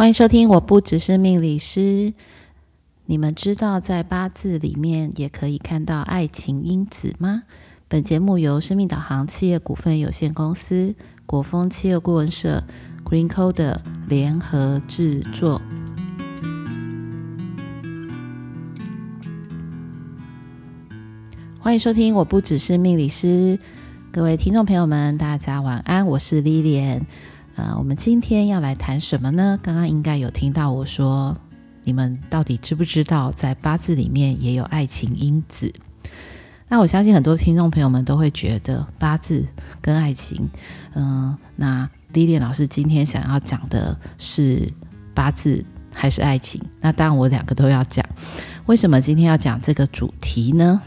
歡迎收聽，我不只是命理師。你們知道，在八字裡面也可以看到愛情因子嗎？本節目由生命導航企業股份有限公司、國峰企業顧問社、GreenCoder 聯合制作。歡迎收聽，我不只是命理師。各位聽眾朋友們，大家晚安，我是 Lilian 呃、我們今天要來談什麼呢？剛剛應該有聽到我說，你們到底知不知道，在八字裡面也有愛情因子？那我相信很多聽眾朋友們都會覺得，八字跟愛情，嗯、呃，那 Lilian 老師今天想要講的是八字還是愛情？那當然我兩個都要講。為什麼今天要講這個主題呢？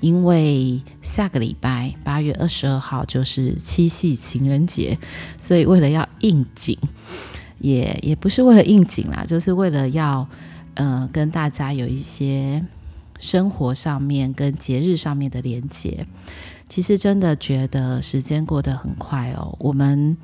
因為下個禮拜八月二十二號就是七夕情人節，所以為了要應景，也也不是為了應景啦，就是為了要呃跟大家有一些生活上面跟節日上面的連結。其實真的覺得時間過得很快哦，我們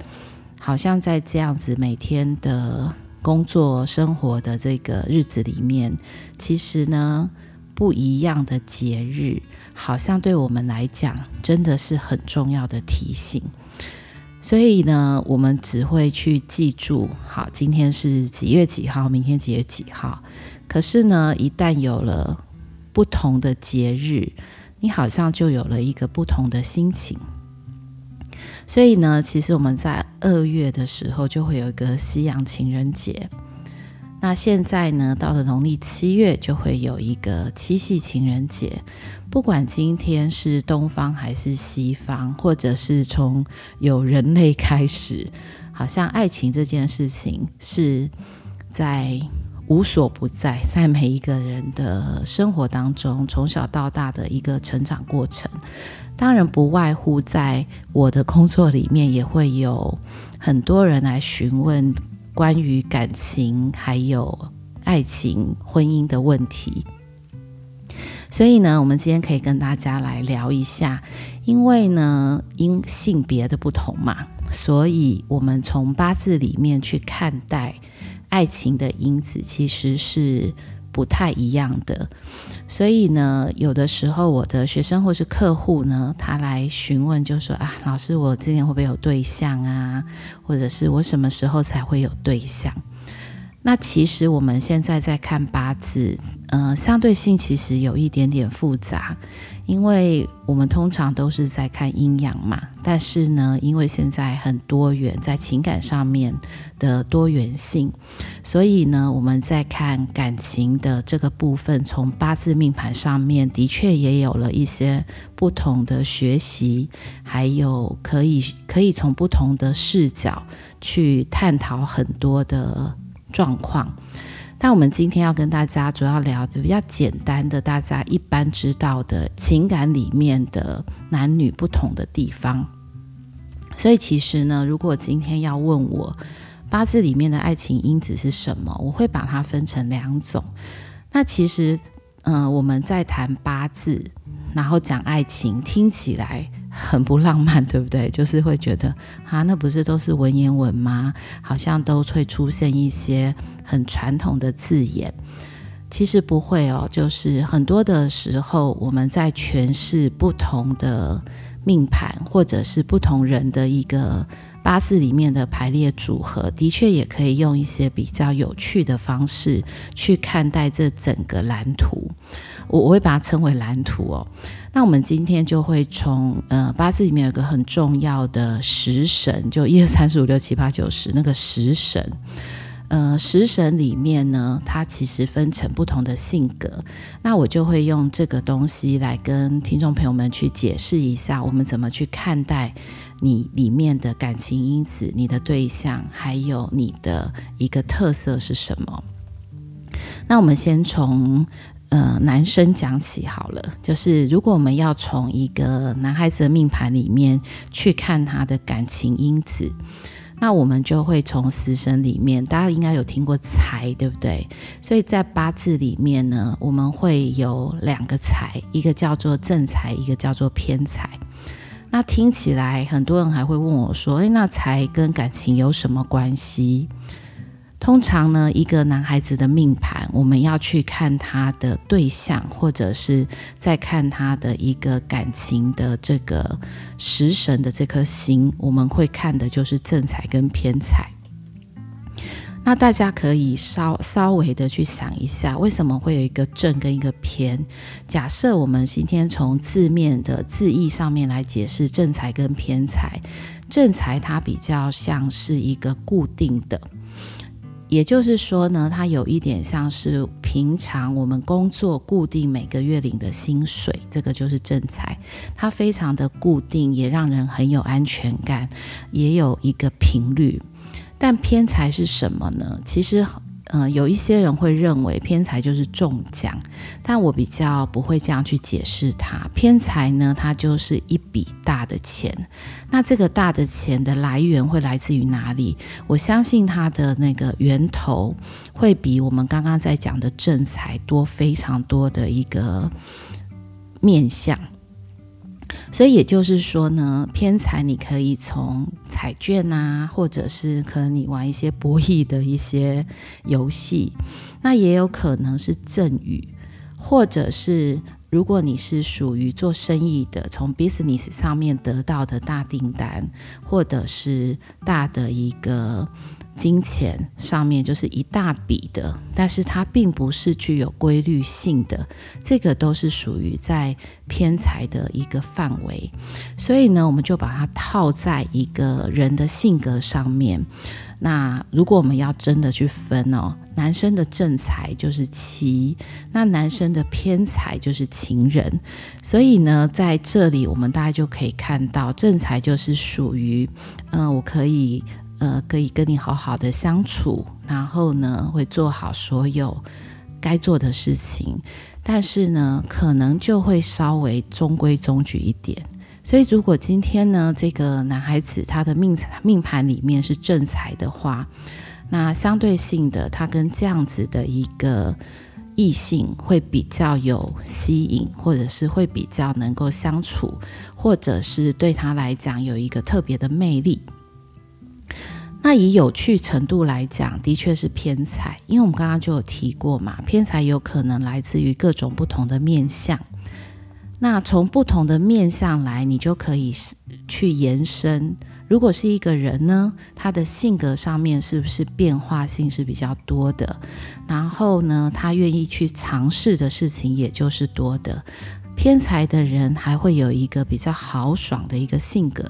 好像在這樣子每天的工作生活的這個日子裡面，其實呢不一樣的節日，好像對我們來講真的是很重要的提醒，所以呢，我們只會去記住，好，今天是幾月幾號，明天幾月幾號。可是呢，一旦有了不同的節日，你好像就有了一個不同的心情。所以呢，其實我們在二月的時候就會有一個西洋情人節。那現在呢，到了農曆七月，就會有一個七夕情人節。不管今天是東方還是西方，或者是從有人類開始，好像愛情這件事情是在無所不在，在每一個人的生活當中，從小到大的一個成長過程。當然，不外乎在我的工作裡面，也會有很多人來詢問。關於感情，還有愛情、婚姻的問題，所以呢，我們今天可以跟大家來聊一下，因為呢，因性別的不同嘛，所以我們從八字裡面去看待愛情的因子，其實是。不太一樣的。所以呢，有的時候我的學生或是客戶呢，他來詢問，就說啊，老師，我今年會不會有對象啊？或者是我什麼時候才會有對象？那其實我們現在在看八字，呃，相對性其實有一點點複雜，因為我們通常都是在看陰陽嘛。但是呢，因為現在很多元，在情感上面的多元性，所以呢，我們在看感情的這個部分，從八字命盤上面的確也有了一些不同的學習，還有可以可以從不同的視角去探討很多的。狀況，但我們今天要跟大家主要聊的比較簡單的，大家一般知道的情感裡面的男女不同的地方。所以其實呢，如果今天要問我八字裡面的愛情因子是什麼，我會把它分成兩種。那其實，嗯、呃，我們在談八字，然後講愛情，聽起來。很不浪漫，對不對？就是會覺得，哈、啊，那不是都是文言文嗎？好像都會出現一些很傳統的字眼。其實不會哦，就是很多的時候，我們在詮釋不同的命盤，或者是不同人的一個。八字裡面的排列組合，的確也可以用一些比較有趣的方式去看待這整個藍圖。我我會把它稱為藍圖哦、喔。那我們今天就會從呃八字裡面有一個很重要的十神，就一二三四五六七八九十那個十神。呃，十神裡面呢，它其實分成不同的性格。那我就會用這個東西來跟聽眾朋友們去解釋一下，我們怎麼去看待。你裡面的感情因子、你的對象，還有你的一個特色是什麼？那我們先從呃男生講起好了。就是如果我們要從一個男孩子的命盤裡面去看他的感情因子，那我們就會從十神裡面，大家應該有聽過財，對不對？所以在八字裡面呢，我們會有兩個財，一個叫做正財，一個叫做偏財。那聽起來，很多人還會問我說：“誒、欸，那財跟感情有什麼關係？”通常呢，一個男孩子的命盤，我們要去看他的對象，或者是再看他的一個感情的這個食神的這顆星，我們會看的就是正財跟偏財。那大家可以稍稍微的去想一下，為什麼會有一個正跟一個偏？假設我們今天從字面的字義上面來解釋正財跟偏財，正財它比較像是一個固定的，也就是說呢，它有一點像是平常我們工作固定每個月領的薪水，這個就是正財，它非常的固定，也讓人很有安全感，也有一個頻率。但偏財是什麼呢？其實，嗯、呃，有一些人會認為偏財就是中獎，但我比較不會這樣去解釋它。偏財呢，它就是一筆大的錢。那這個大的錢的來源會來自於哪裡？我相信它的那個源頭會比我們剛剛在講的正財多非常多的一個面向。所以也就是說呢，偏財你可以從彩券啊，或者是可能你玩一些博弈的一些遊戲，那也有可能是贈與，或者是如果你是屬於做生意的，從 business 上面得到的大訂單，或者是大的一個。金錢上面就是一大筆的，但是它並不是具有規律性的，這個都是屬於在偏財的一個範圍。所以呢，我們就把它套在一個人的性格上面。那如果我們要真的去分哦，男生的正財就是妻，那男生的偏財就是情人。所以呢，在這裡我們大家就可以看到，正財就是屬於嗯、呃，我可以。呃，可以跟你好好的相處，然後呢，會做好所有該做的事情，但是呢，可能就會稍微中規中矩一點。所以，如果今天呢，這個男孩子他的命命盤裡面是正財的話，那相對性的，他跟這樣子的一個異性會比較有吸引，或者是會比較能夠相處，或者是對他來講有一個特別的魅力。那以有趣程度來講，的確是偏財，因為我們剛剛就有提過嘛，偏財有可能來自於各種不同的面向。那從不同的面向來，你就可以去延伸。如果是一個人呢，他的性格上面是不是變化性是比較多的？然後呢，他願意去嘗試的事情也就是多的。偏財的人還會有一個比較豪爽的一個性格，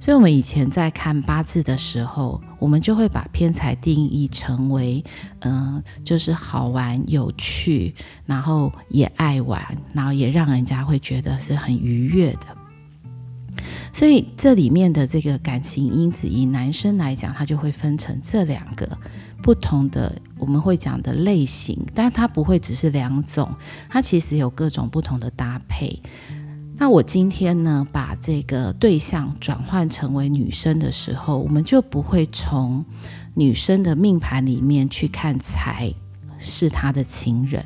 所以，我們以前在看八字的時候，我們就會把偏財定義成為，嗯，就是好玩、有趣，然後也愛玩，然後也讓人家會覺得是很愉悅的。所以，這裡面的這個感情因子，以男生來講，它就會分成這兩個不同的。我們會講的類型，但它不會只是兩種，它其實有各種不同的搭配。那我今天呢，把這個對象轉換成為女生的時候，我們就不會從女生的命盤裡面去看財是她的情人，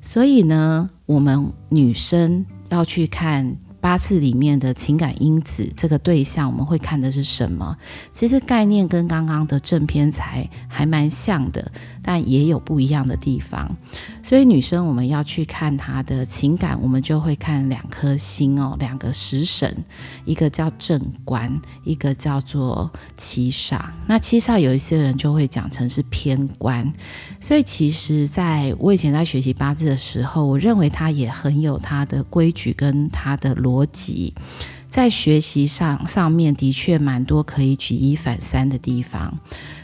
所以呢，我們女生要去看。八字裡面的情感因子，這個對象我們會看的是什麼？其實概念跟剛剛的正偏財還蠻像的，但也有不一樣的地方。所以女生我們要去看她的情感，我們就會看兩顆星哦，兩個十神，一個叫正官，一個叫做七煞。那七煞有一些人就會講成是偏官。所以其實在我以前在學習八字的時候，我認為它也很有它的規矩跟它的邏。邏輯，在學習上上面的確蠻多可以舉一反三的地方，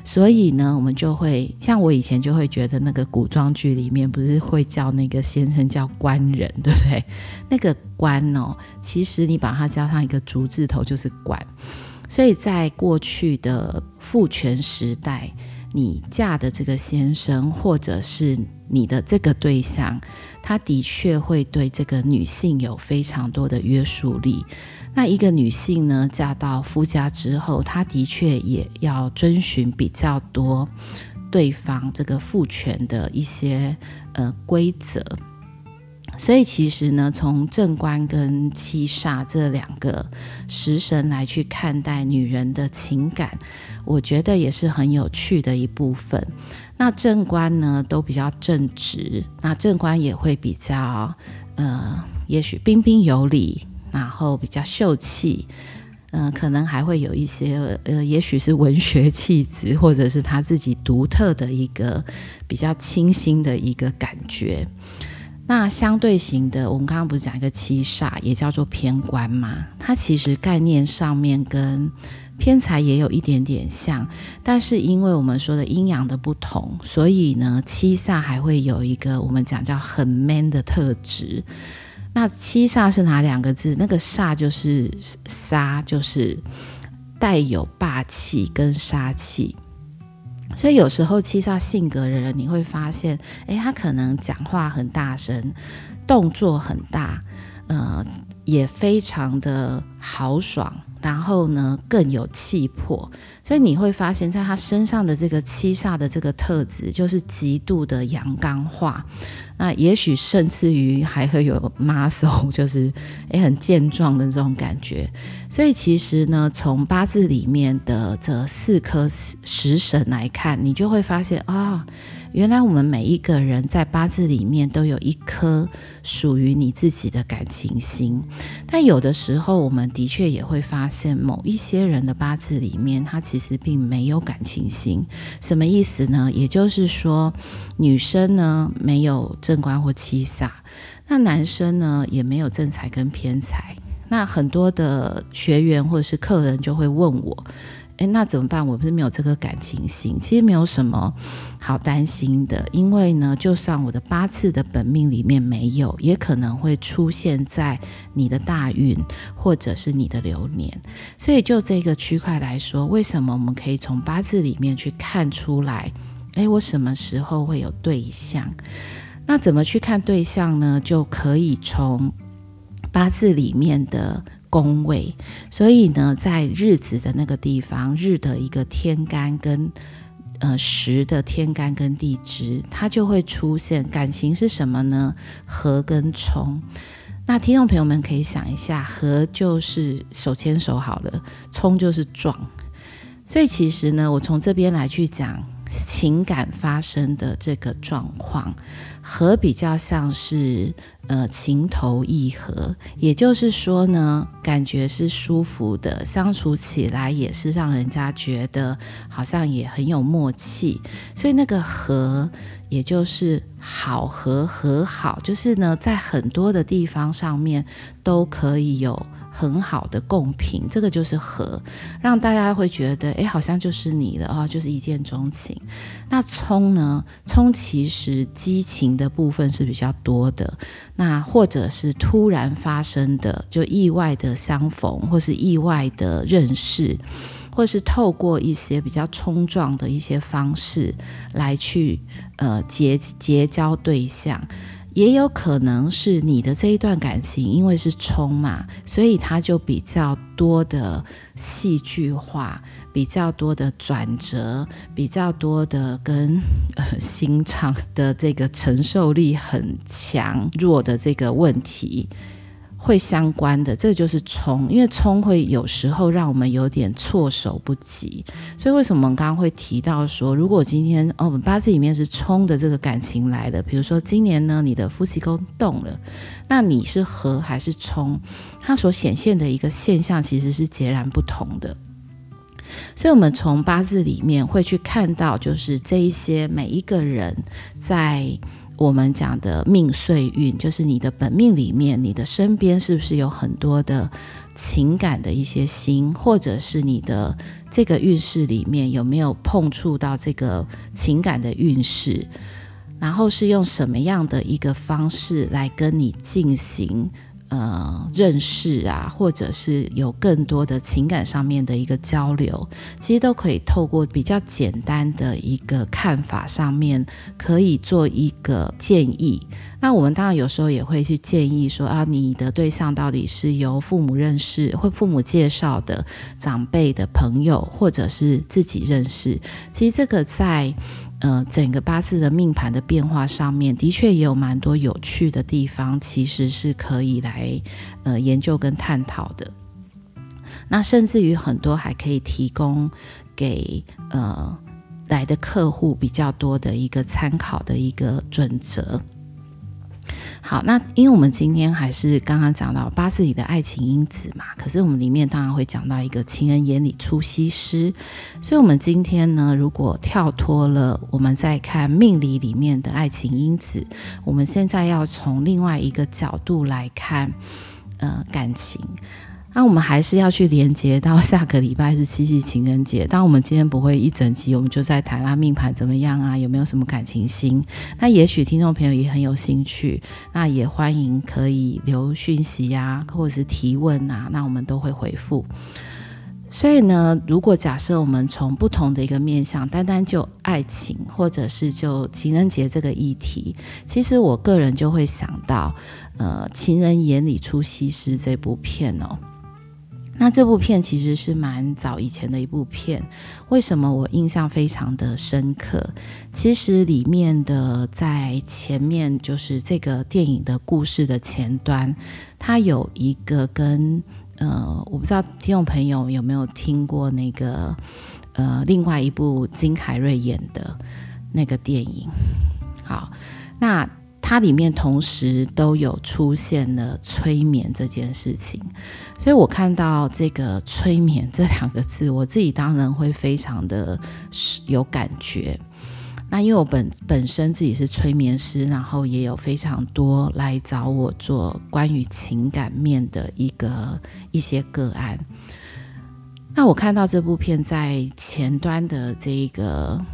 所以呢，我們就會像我以前就會覺得那個古裝劇裡面不是會叫那個先生叫官人，對不對？那個官哦，其實你把它加上一個竹字頭就是管，所以在過去的父權時代，你嫁的這個先生或者是你的這個對象。他的確會對這個女性有非常多的約束力。那一個女性呢，嫁到夫家之後，她的確也要遵循比較多對方這個父權的一些呃規則。所以其實呢，從正官跟七煞這兩個十神來去看待女人的情感，我覺得也是很有趣的一部分。那正官呢，都比較正直，那正官也會比較，呃，也許彬彬有禮，然後比較秀氣，嗯、呃，可能還會有一些，呃，也許是文學氣質，或者是他自己獨特的一個比較清新的一個感覺。那相對型的，我們剛剛不是講一個七煞，也叫做偏官嘛？它其實概念上面跟偏財也有一點點像，但是因為我們說的陰陽的不同，所以呢，七煞還會有一個我們講叫很 man 的特質。那七煞是哪兩個字？那個煞就是殺，就是帶有霸氣跟殺氣。所以有時候七煞性格的人，你會發現，哎，他可能講話很大聲，動作很大，呃，也非常的豪爽。然後呢，更有氣魄，所以你會發現，在他身上的這個七煞的這個特質，就是極度的陽剛化。那也許甚至於還會有 muscle，就是也很健壯的這種感覺。所以其實呢，從八字裡面的這四顆十神來看，你就會發現啊。原來我們每一個人在八字裡面都有一顆屬於你自己的感情心，但有的時候我們的確也會發現，某一些人的八字裡面，他其實並沒有感情心。什麼意思呢？也就是說，女生呢沒有正官或七煞，那男生呢也沒有正財跟偏財。那很多的學員或者是客人就會問我。誒、欸，那怎麼辦？我不是沒有這個感情心，其實沒有什麼好擔心的，因為呢，就算我的八字的本命裡面沒有，也可能會出現在你的大運或者是你的流年。所以就這個區塊來說，為什麼我們可以從八字裡面去看出來？誒、欸，我什麼時候會有對象？那怎麼去看對象呢？就可以從八字裡面的。宮位，所以呢，在日子的那個地方，日的一個天干跟呃時的天干跟地支，它就會出現感情是什麼呢？合跟沖。那聽眾朋友們可以想一下，合就是手牽手好了，沖就是撞。所以其實呢，我從這邊來去講。情感發生的這個狀況，和比較像是呃情投意合，也就是說呢，感覺是舒服的，相處起來也是讓人家覺得好像也很有默契，所以那個和，也就是好和和好，就是呢，在很多的地方上面都可以有，很好的共品，這個就是和，讓大家會覺得，哎，好像就是你了啊、哦，就是一見鍾情。那沖呢？沖其實激情的部分是比較多的，那或者是突然發生的，就意外的相逢，或是意外的認識，或是透過一些比較沖撞的一些方式來去呃結結交對象。也有可能是你的這一段感情，因為是沖嘛，所以它就比較多的戲劇化，比較多的轉折，比較多的跟、呃、心腸的這個承受力很強弱的這個問題。會相關的，這個就是沖，因為沖會有時候讓我們有點措手不及。所以為什麼我們剛剛會提到說，如果今天哦，我們八字裡面是沖的這個感情來的，比如說今年呢，你的夫妻宮動了，那你是合還是沖？它所顯現的一個現象其實是截然不同的。所以，我們從八字裡面會去看到，就是這一些每一個人在。我們講的命歲運，就是你的本命裡面，你的身邊是不是有很多的情感的一些星，或者是你的這個運勢裡面有沒有碰觸到這個情感的運勢？然後是用什麼樣的一個方式來跟你進行？呃、嗯，認識啊，或者是有更多的情感上面的一個交流，其實都可以透過比較簡單的一個看法上面，可以做一個建議。那我們當然有時候也會去建議說啊，你的對象到底是由父母認識，或父母介紹的長輩的朋友，或者是自己認識。其實這個在。呃，整個八字的命盤的變化上面，的確也有蠻多有趣的地方，其實是可以來呃研究跟探討的。那甚至於很多還可以提供給呃來的客戶比較多的一個參考的一個準則。好，那因為我們今天還是剛剛講到八字裡的愛情因子嘛，可是我們裡面當然會講到一個情人眼裡出西施，所以我們今天呢，如果跳脫了，我們再看命理裡面的愛情因子，我們現在要從另外一個角度來看，呃，感情。那我們還是要去連接到下個禮拜是七夕情人節，但我們今天不會一整集，我們就在談、啊、命盤怎麼樣啊，有沒有什麼感情心？那也許聽眾朋友也很有興趣，那也歡迎可以留訊息啊，或者是提問啊，那我們都會回復。所以呢，如果假設我們從不同的一個面向，單單就愛情或者是就情人節這個議題，其實我個人就會想到，呃，《情人眼裡出西施》這部片哦。那這部片其實是蠻早以前的一部片，為什麼我印象非常的深刻？其實裡面的在前面就是這個電影的故事的前端，它有一個跟呃，我不知道聽眾朋友有沒有聽過那個呃，另外一部金凱瑞演的那個電影。好，那。它裡面同時都有出現了催眠這件事情，所以我看到這個“催眠”這兩個字，我自己當然會非常的有感覺。那因為我本本身自己是催眠師，然後也有非常多來找我做關於情感面的一個一些個案。那我看到這部片在前端的這個。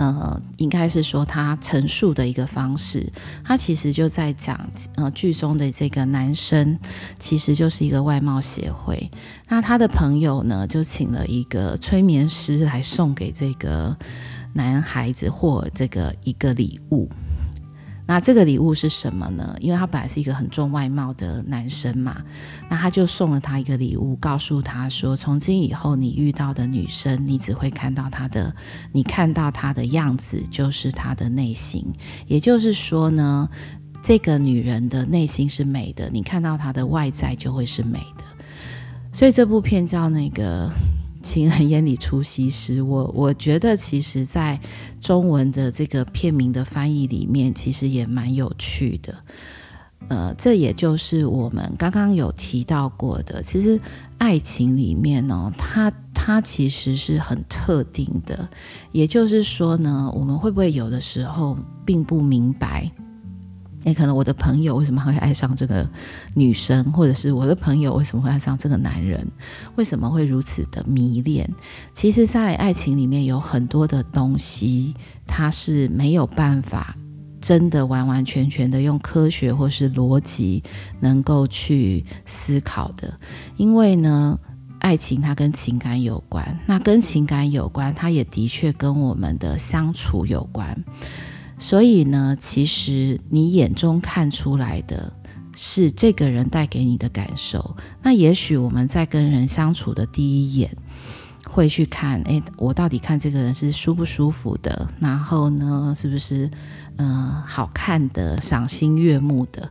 呃，應該是說他陳述的一個方式，他其實就在講，呃，劇中的這個男生其實就是一個外貌協會，那他的朋友呢，就請了一個催眠師來送給這個男孩子或這個一個禮物。那這個禮物是什麼呢？因為他本來是一個很重外貌的男生嘛，那他就送了他一個禮物，告訴他說：從今以後，你遇到的女生，你只會看到她的，你看到她的樣子就是她的內心。也就是說呢，這個女人的內心是美的，你看到她的外在就會是美的。所以這部片叫那個。情人眼裡出西施，我我覺得其實，在中文的這個片名的翻譯裡面，其實也蠻有趣的。呃，這也就是我們剛剛有提到過的，其實愛情裡面呢、哦，它它其實是很特定的。也就是說呢，我們會不會有的時候並不明白？那可能我的朋友為什麼會愛上這個女生，或者是我的朋友為什麼會愛上這個男人，為什麼會如此的迷戀？其實，在愛情裡面有很多的東西，它是沒有辦法真的完完全全的用科學或是邏輯能夠去思考的，因為呢，愛情它跟情感有關，那跟情感有關，它也的確跟我們的相處有關。所以呢，其實你眼中看出來的是這個人帶給你的感受。那也許我們在跟人相處的第一眼，會去看，誒，我到底看這個人是舒不舒服的？然後呢，是不是嗯、呃，好看的、賞心悅目的？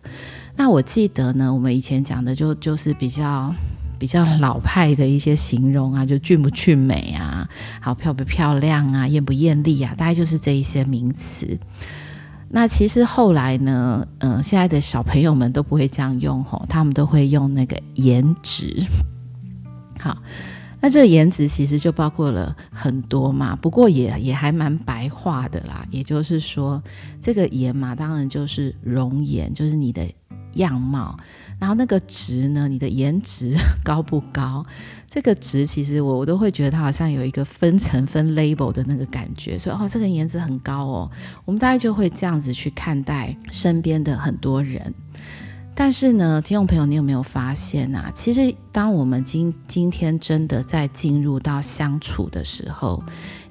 那我記得呢，我們以前講的就就是比較。比較老派的一些形容啊，就俊不俊美啊，好漂不漂亮啊，豔不豔麗啊，大概就是這一些名詞。那其實後來呢，嗯、呃，現在的小朋友們都不會這樣用吼，他們都會用那個顏值。好，那這個顏值其實就包括了很多嘛，不過也也還蠻白話的啦。也就是說，這個顏嘛，當然就是容顏，就是你的樣貌。然後那個值呢？你的顏值高不高？這個值其實我我都會覺得它好像有一個分層分 label 的那個感覺，所以哦，這個顏值很高哦，我們大概就會這樣子去看待身邊的很多人。但是呢，聽眾朋友，你有沒有發現啊？其實當我們今今天真的在進入到相處的時候，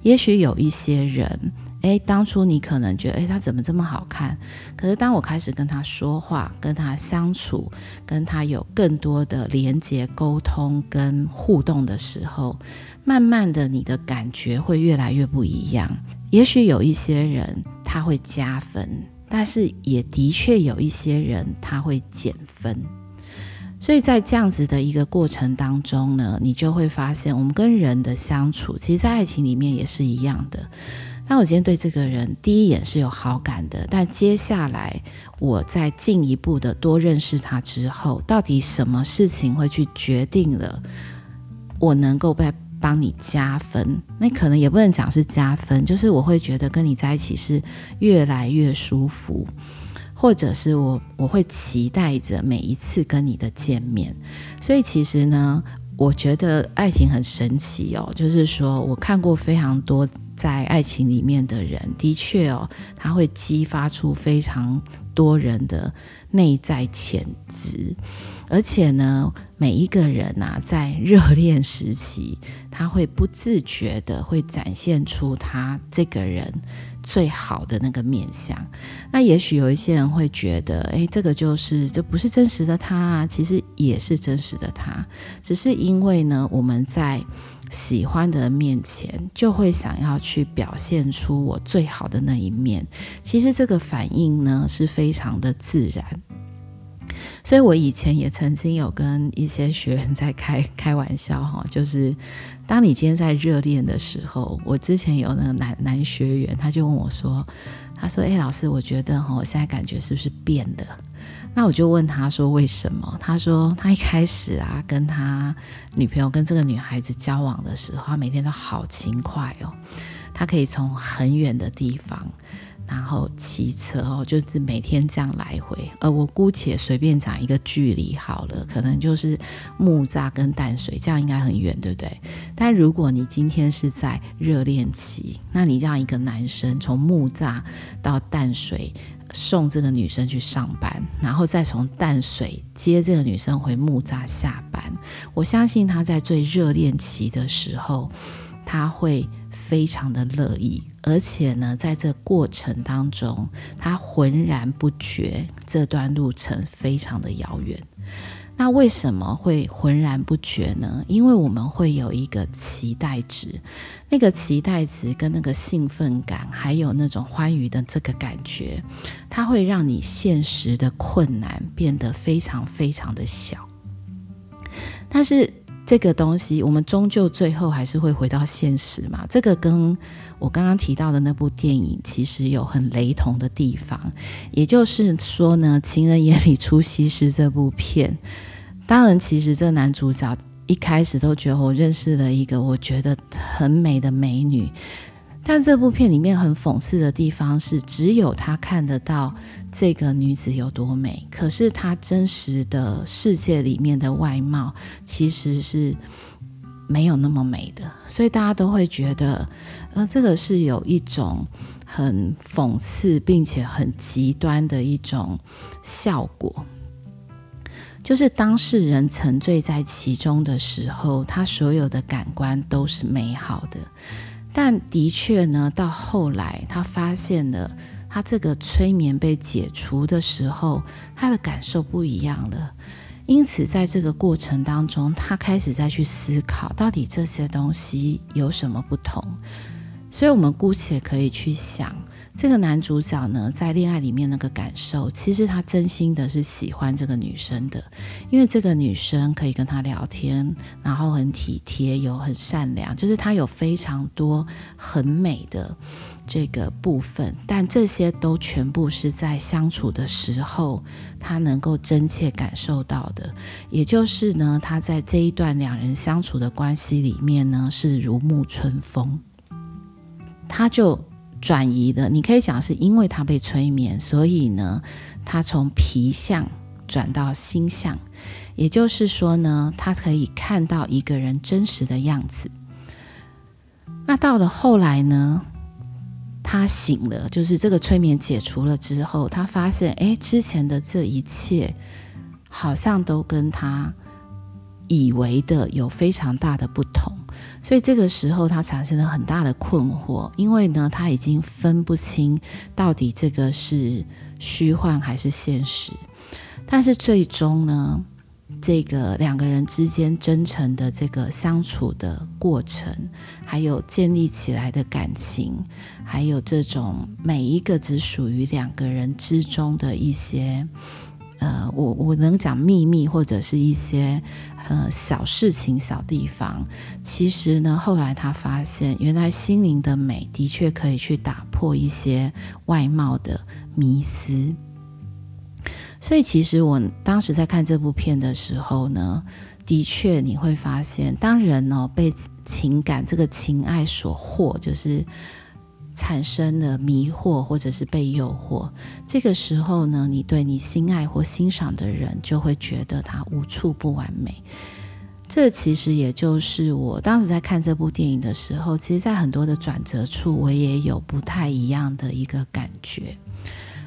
也許有一些人。誒、欸，當初你可能覺得誒、欸，他怎麼這麼好看？可是當我開始跟他說話、跟他相處、跟他有更多的連接、溝通跟互動的時候，慢慢的，你的感覺會越來越不一樣。也許有一些人他會加分，但是也的確有一些人他會減分。所以在這樣子的一個過程當中呢，你就會發現，我們跟人的相處，其實，在愛情裡面也是一樣的。那我今天對這個人第一眼是有好感的，但接下來我再進一步的多認識他之後，到底什麼事情會去決定了我能夠被幫你加分？那可能也不能講是加分，就是我會覺得跟你在一起是越來越舒服，或者是我我會期待着每一次跟你的見面。所以其實呢，我覺得愛情很神奇哦，就是說我看過非常多。在愛情裡面的人，的確哦，他會激發出非常多人的內在潛質，而且呢，每一個人吶、啊，在熱戀時期，他會不自覺的會展現出他這個人，最好的那個面相。那也許有一些人會覺得，哎、欸，這個就是這不是真實的他啊，其實也是真實的他，只是因為呢，我們在喜歡的人面前，就會想要去表現出我最好的那一面，其實這個反應呢是非常的自然。所以，我以前也曾經有跟一些學員在開開玩笑哈、哦，就是當你今天在熱戀的時候，我之前有那個男男學員，他就問我說：“他說，哎、欸，老師，我覺得哈，我現在感覺是不是變了？”那我就問他說：“為什麼？”他說：“他一開始啊，跟他女朋友跟這個女孩子交往的時候，他每天都好勤快哦，他可以從很遠的地方。”然後騎車哦，就是每天這樣來回。呃，我姑且隨便講一個距離好了，可能就是木柵跟淡水，這樣應該很遠，對不對？但如果你今天是在熱戀期，那你這樣一個男生從木柵到淡水送這個女生去上班，然後再從淡水接這個女生回木柵下班，我相信他在最熱戀期的時候，他會。非常的樂意，而且呢，在這過程當中，他渾然不覺這段路程非常的遙遠。那為什麼會渾然不覺呢？因為我們會有一個期待值，那個期待值跟那個興奮感，還有那種歡愉的這個感覺，它會讓你現實的困難變得非常非常的小。但是，這個東西，我們終究最後還是會回到現實嘛。這個跟我剛剛提到的那部電影其實有很雷同的地方，也就是說呢，《情人眼裡出西施》這部片，當然其實這男主角一開始都覺得我認識了一個我覺得很美的美女。但這部片裡面很諷刺的地方是，只有他看得到這個女子有多美，可是他真實的世界裡面的外貌其實是沒有那麼美的，所以大家都會覺得，呃，這個是有一種很諷刺並且很極端的一種效果，就是當事人沉醉在其中的時候，他所有的感官都是美好的。但的確呢，到後來他發現了，他這個催眠被解除的時候，他的感受不一樣了。因此，在這個過程當中，他開始再去思考，到底這些東西有什麼不同。所以我們姑且可以去想。這個男主角呢，在戀愛裡面那個感受，其實他真心的是喜歡這個女生的，因為這個女生可以跟他聊天，然後很體貼，有很善良，就是她有非常多很美的這個部分，但這些都全部是在相處的時候，他能夠真切感受到的，也就是呢，他在這一段兩人相處的關係裡面呢，是如沐春風，他就。轉移的，你可以講是因為他被催眠，所以呢，他從皮相轉到心相，也就是說呢，他可以看到一個人真實的樣子。那到了後來呢，他醒了，就是這個催眠解除了之後，他發現，哎，之前的這一切好像都跟他以為的有非常大的不同。所以這個時候，他產生了很大的困惑，因為呢，他已經分不清到底這個是虛幻，還是現實。但是最終呢，這個兩個人之間真誠的這個相處的過程，還有建立起來的感情，還有這種每一個只屬於兩個人之中的一些，呃，我我能講秘密或者是一些。呃、嗯，小事情、小地方，其實呢，後來他發現，原來心靈的美的確可以去打破一些外貌的迷思。所以，其實我當時在看這部片的時候呢，的確你會發現，當人呢、哦、被情感這個情愛所惑，就是。產生了迷惑，或者是被誘惑，這個時候呢，你對你心愛或欣賞的人就會覺得他無處不完美。這其實也就是我當時在看這部電影的時候，其實，在很多的轉折處，我也有不太一樣的一個感覺。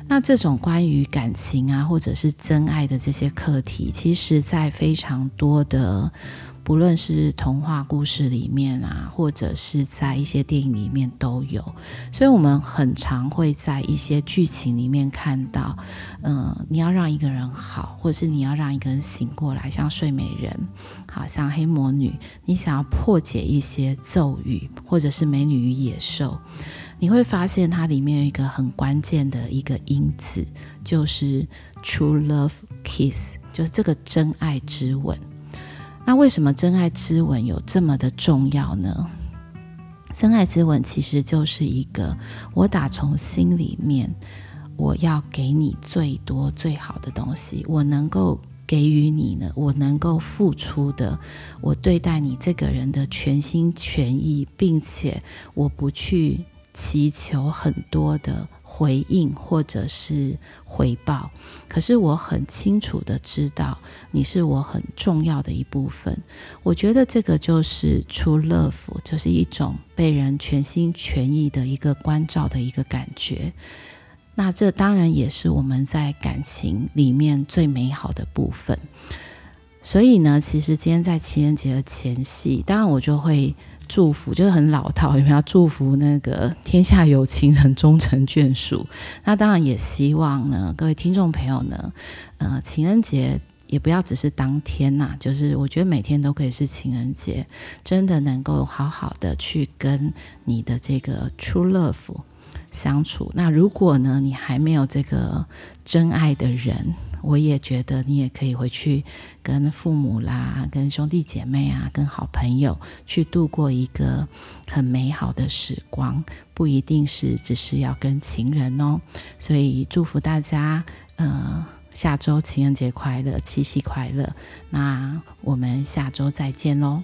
那這種關於感情啊，或者是真愛的這些課題，其實，在非常多的。無論是童話故事裡面啊，或者是在一些電影裡面都有，所以我們很常會在一些劇情裡面看到，嗯，你要讓一個人好，或者是你要讓一個人醒過來，像睡美人，好像黑魔女，你想要破解一些咒語，或者是美女與野獸，你會發現它裡面有一個很關鍵的一個因子，就是 True Love Kiss，就是這個真愛之吻。那為什麼真愛之吻有這麼的重要呢？真愛之吻其實就是一個，我打從心裡面，我要給你最多最好的東西，我能夠給予你呢，我能夠付出的，我對待你這個人的全心全意，並且我不去祈求很多的。回應或者是回報，可是我很清楚的知道，你是我很重要的一部分。我覺得這個就是 true love，就是一種被人全心全意的一個關照的一個感覺。那這當然也是我們在感情裡面最美好的部分。所以呢，其實今天在情人節的前夕，當然我就會，祝福就是很老套，我們要祝福那個天下有情人終成眷屬。那當然也希望呢，各位聽眾朋友呢，呃，情人節也不要只是當天吶、啊，就是我覺得每天都可以是情人節，真的能夠好好的去跟你的這個 true love 相處。那如果呢，你還沒有這個真愛的人，我也覺得你也可以回去跟父母啦，跟兄弟姐妹啊，跟好朋友去度過一個很美好的時光，不一定是只是要跟情人哦。所以祝福大家，嗯、呃，下周情人節快樂，七夕快樂。那我們下周再見嘍。